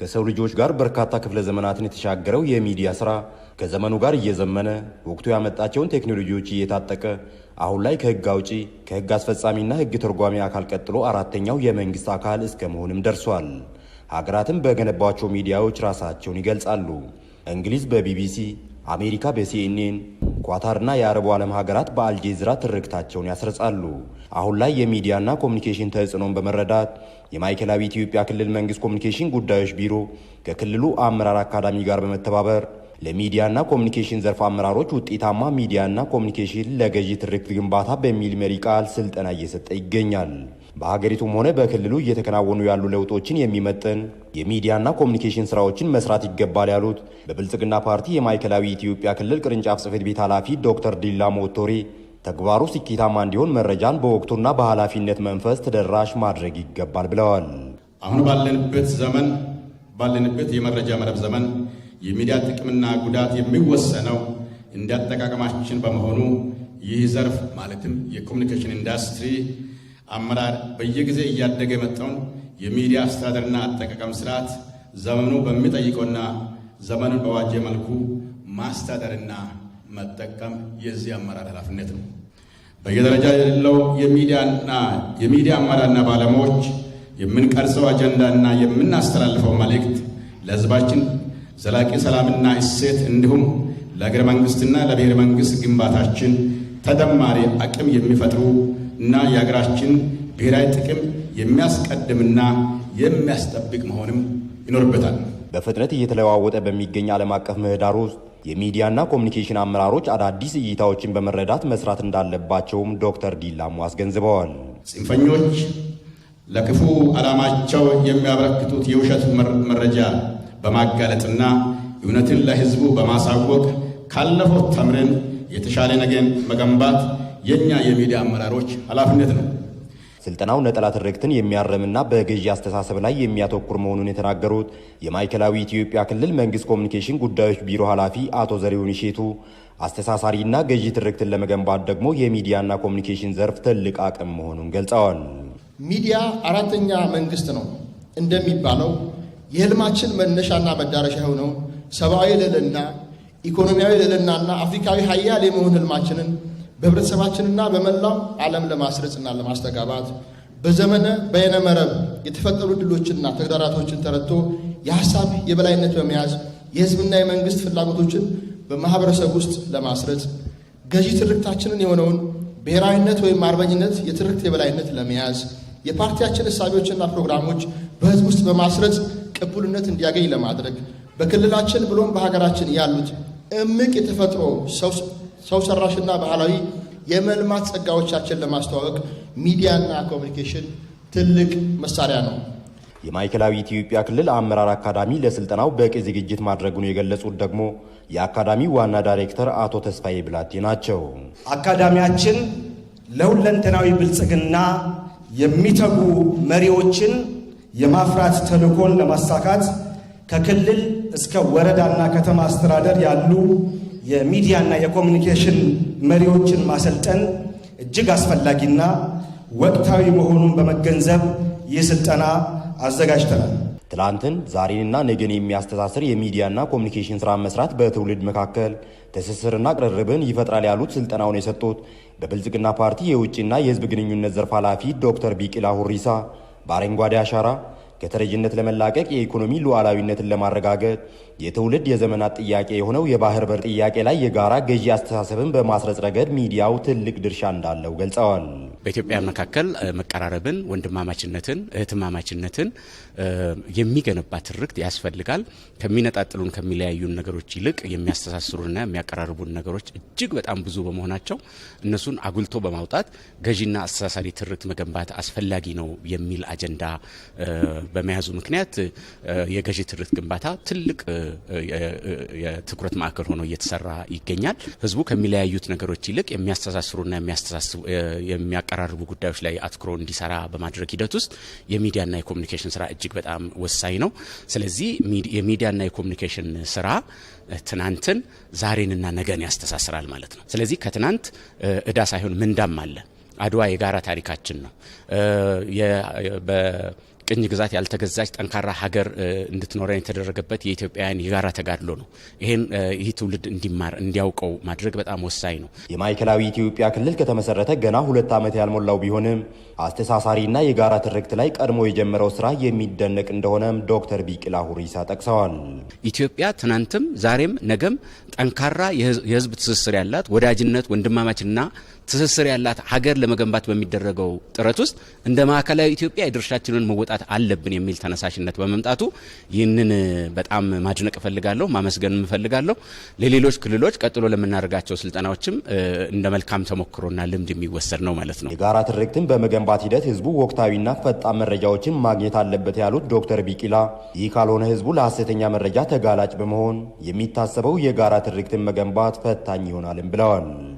ከሰው ልጆች ጋር በርካታ ክፍለ ዘመናትን የተሻገረው የሚዲያ ስራ ከዘመኑ ጋር እየዘመነ ወቅቱ ያመጣቸውን ቴክኖሎጂዎች እየታጠቀ አሁን ላይ ከህግ አውጪ ከህግ አስፈጻሚና ህግ ተርጓሚ አካል ቀጥሎ አራተኛው የመንግስት አካል እስከ መሆንም ደርሷል። ሀገራትም በገነባቸው ሚዲያዎች ራሳቸውን ይገልጻሉ። እንግሊዝ በቢቢሲ፣ አሜሪካ በሲኤንኤን ኳታርና የአረቡ ዓለም ሀገራት በአልጄዚራ ትርክታቸውን ያስረጻሉ። አሁን ላይ የሚዲያና ኮሚኒኬሽን ተጽዕኖን በመረዳት የማዕከላዊ ኢትዮጵያ ክልል መንግስት ኮሚኒኬሽን ጉዳዮች ቢሮ ከክልሉ አመራር አካዳሚ ጋር በመተባበር ለሚዲያና ኮሚኒኬሽን ዘርፍ አመራሮች ውጤታማ ሚዲያና ኮሚኒኬሽን ለገዢ ትርክት ግንባታ በሚል መሪ ቃል ስልጠና እየሰጠ ይገኛል። በሀገሪቱም ሆነ በክልሉ እየተከናወኑ ያሉ ለውጦችን የሚመጥን የሚዲያና ኮሚኒኬሽን ስራዎችን መስራት ይገባል ያሉት በብልጽግና ፓርቲ የማዕከላዊ ኢትዮጵያ ክልል ቅርንጫፍ ጽሕፈት ቤት ኃላፊ ዶክተር ዲላ ሞቶሪ ተግባሩ ስኬታማ እንዲሆን መረጃን በወቅቱና በኃላፊነት መንፈስ ተደራሽ ማድረግ ይገባል ብለዋል። አሁን ባለንበት ዘመን ባለንበት የመረጃ መረብ ዘመን የሚዲያ ጥቅምና ጉዳት የሚወሰነው እንዳጠቃቀማችን በመሆኑ ይህ ዘርፍ ማለትም የኮሚኒኬሽን ኢንዱስትሪ አመራር በየጊዜ እያደገ የመጣውን የሚዲያ አስተዳደርና አጠቃቀም ስርዓት ዘመኑ በሚጠይቀውና ዘመኑን በዋጀ መልኩ ማስተዳደርና መጠቀም የዚህ አመራር ኃላፊነት ነው። በየደረጃ የሌለው የሚዲያና የሚዲያ አመራርና ባለሙያዎች የምንቀርጸው አጀንዳና የምናስተላልፈው መልእክት ለህዝባችን ዘላቂ ሰላምና እሴት እንዲሁም ለእግረ መንግስትና ለብሔር መንግስት ግንባታችን ተደማሪ አቅም የሚፈጥሩ እና የሀገራችን ብሔራዊ ጥቅም የሚያስቀድምና የሚያስጠብቅ መሆንም ይኖርበታል። በፍጥነት እየተለዋወጠ በሚገኝ ዓለም አቀፍ ምህዳር ውስጥ የሚዲያና ኮሚኒኬሽን አመራሮች አዳዲስ እይታዎችን በመረዳት መስራት እንዳለባቸውም ዶክተር ዲላሙ አስገንዝበዋል። ጽንፈኞች ለክፉ ዓላማቸው የሚያበረክቱት የውሸት መረጃ በማጋለጥና እውነትን ለሕዝቡ በማሳወቅ ካለፈው ተምረን የተሻለ ነገን መገንባት የእኛ የሚዲያ አመራሮች ኃላፊነት ነው። ስልጠናው ነጠላ ትርክትን የሚያረምና በገዢ አስተሳሰብ ላይ የሚያተኩር መሆኑን የተናገሩት የማዕከላዊ ኢትዮጵያ ክልል መንግስት ኮሚኒኬሽን ጉዳዮች ቢሮ ኃላፊ አቶ ዘሪሁን ይሼቱ አስተሳሳሪና ገዢ ትርክትን ለመገንባት ደግሞ የሚዲያና ኮሚኒኬሽን ዘርፍ ትልቅ አቅም መሆኑን ገልጸዋል። ሚዲያ አራተኛ መንግስት ነው እንደሚባለው የህልማችን መነሻና መዳረሻ የሆነው ሰብአዊ ልዕልና፣ ኢኮኖሚያዊ ልዕልናና አፍሪካዊ ሀያል የመሆን ህልማችንን በህብረተሰባችንና በመላው ዓለም ለማስረጽና ለማስተጋባት በዘመነ በይነ መረብ የተፈጠሩ ድሎችና ተግዳራቶችን ተረድቶ የሀሳብ የበላይነት በመያዝ የህዝብና የመንግስት ፍላጎቶችን በማህበረሰብ ውስጥ ለማስረጽ ገዢ ትርክታችንን የሆነውን ብሔራዊነት ወይም አርበኝነት የትርክት የበላይነት ለመያዝ የፓርቲያችን እሳቢዎችና ፕሮግራሞች በህዝብ ውስጥ በማስረጽ ቅቡልነት እንዲያገኝ ለማድረግ በክልላችን ብሎም በሀገራችን ያሉት እምቅ የተፈጥሮ ሰው ሰው ሰራሽና ባህላዊ የመልማት ጸጋዎቻችን ለማስተዋወቅ ሚዲያና ኮሚኒኬሽን ትልቅ መሳሪያ ነው። የማዕከላዊ ኢትዮጵያ ክልል አመራር አካዳሚ ለስልጠናው በቂ ዝግጅት ማድረጉን የገለጹት ደግሞ የአካዳሚ ዋና ዳይሬክተር አቶ ተስፋዬ ብላቴ ናቸው። አካዳሚያችን ለሁለንተናዊ ብልጽግና የሚተጉ መሪዎችን የማፍራት ተልዕኮን ለማሳካት ከክልል እስከ ወረዳና ከተማ አስተዳደር ያሉ የሚዲያና የኮሚኒኬሽን መሪዎችን ማሰልጠን እጅግ አስፈላጊና ወቅታዊ መሆኑን በመገንዘብ ይህ ስልጠና አዘጋጅተናል። ትላንትን ዛሬንና ነገን የሚያስተሳስር የሚዲያና ኮሚኒኬሽን ስራ መስራት በትውልድ መካከል ትስስርና ቅርርብን ይፈጥራል ያሉት ስልጠናውን የሰጡት በብልጽግና ፓርቲ የውጭና የህዝብ ግንኙነት ዘርፍ ኃላፊ ዶክተር ቢቂላ ሁሪሳ በአረንጓዴ አሻራ ከተረጅነት ለመላቀቅ የኢኮኖሚ ሉዓላዊነትን ለማረጋገጥ የትውልድ የዘመናት ጥያቄ የሆነው የባህር በር ጥያቄ ላይ የጋራ ገዢ አስተሳሰብን በማስረጽ ረገድ ሚዲያው ትልቅ ድርሻ እንዳለው ገልጸዋል። በኢትዮጵያ መካከል መቀራረብን፣ ወንድማማችነትን፣ እህትማማችነትን የሚገነባ ትርክት ያስፈልጋል። ከሚነጣጥሉን ከሚለያዩን ነገሮች ይልቅ የሚያስተሳስሩንና የሚያቀራርቡን ነገሮች እጅግ በጣም ብዙ በመሆናቸው እነሱን አጉልቶ በማውጣት ገዢና አስተሳሳሪ ትርክት መገንባት አስፈላጊ ነው የሚል አጀንዳ በመያዙ ምክንያት የገዢ ትርክት ግንባታ ትልቅ የትኩረት ማዕከል ሆኖ እየተሰራ ይገኛል። ህዝቡ ከሚለያዩት ነገሮች ይልቅ የሚያስተሳስሩና የሚያቀ የሚቀራርቡ ጉዳዮች ላይ አትኩሮ እንዲሰራ በማድረግ ሂደት ውስጥ የሚዲያና የኮሚኒኬሽን ስራ እጅግ በጣም ወሳኝ ነው። ስለዚህ የሚዲያና የኮሚኒኬሽን ስራ ትናንትን ዛሬንና ነገን ያስተሳስራል ማለት ነው። ስለዚህ ከትናንት እዳ ሳይሆን ምንዳም አለ። አድዋ የጋራ ታሪካችን ነው። ቅኝ ግዛት ያልተገዛች ጠንካራ ሀገር እንድትኖረን የተደረገበት የኢትዮጵያውያን የጋራ ተጋድሎ ነው። ይህን ይህ ትውልድ እንዲማር እንዲያውቀው ማድረግ በጣም ወሳኝ ነው። የማዕከላዊ ኢትዮጵያ ክልል ከተመሰረተ ገና ሁለት ዓመት ያልሞላው ቢሆንም አስተሳሳሪና የጋራ ትርክት ላይ ቀድሞ የጀመረው ስራ የሚደነቅ እንደሆነም ዶክተር ቢቂላ ሁሪሳ ጠቅሰዋል። ኢትዮጵያ ትናንትም፣ ዛሬም፣ ነገም ጠንካራ የህዝብ ትስስር ያላት ወዳጅነት፣ ወንድማማችና ትስስር ያላት ሀገር ለመገንባት በሚደረገው ጥረት ውስጥ እንደ ማዕከላዊ ኢትዮጵያ የድርሻችንን መወጣት ማብቃት አለብን የሚል ተነሳሽነት በመምጣቱ ይህንን በጣም ማድነቅ እፈልጋለሁ፣ ማመስገን እፈልጋለሁ። ለሌሎች ክልሎች ቀጥሎ ለምናደርጋቸው ስልጠናዎችም እንደ መልካም ተሞክሮና ልምድ የሚወሰድ ነው ማለት ነው። የጋራ ትርክትን በመገንባት ሂደት ህዝቡ ወቅታዊና ፈጣን መረጃዎችን ማግኘት አለበት ያሉት ዶክተር ቢቂላ ይህ ካልሆነ ህዝቡ ለሐሰተኛ መረጃ ተጋላጭ በመሆን የሚታሰበው የጋራ ትርክትን መገንባት ፈታኝ ይሆናልም ብለዋል።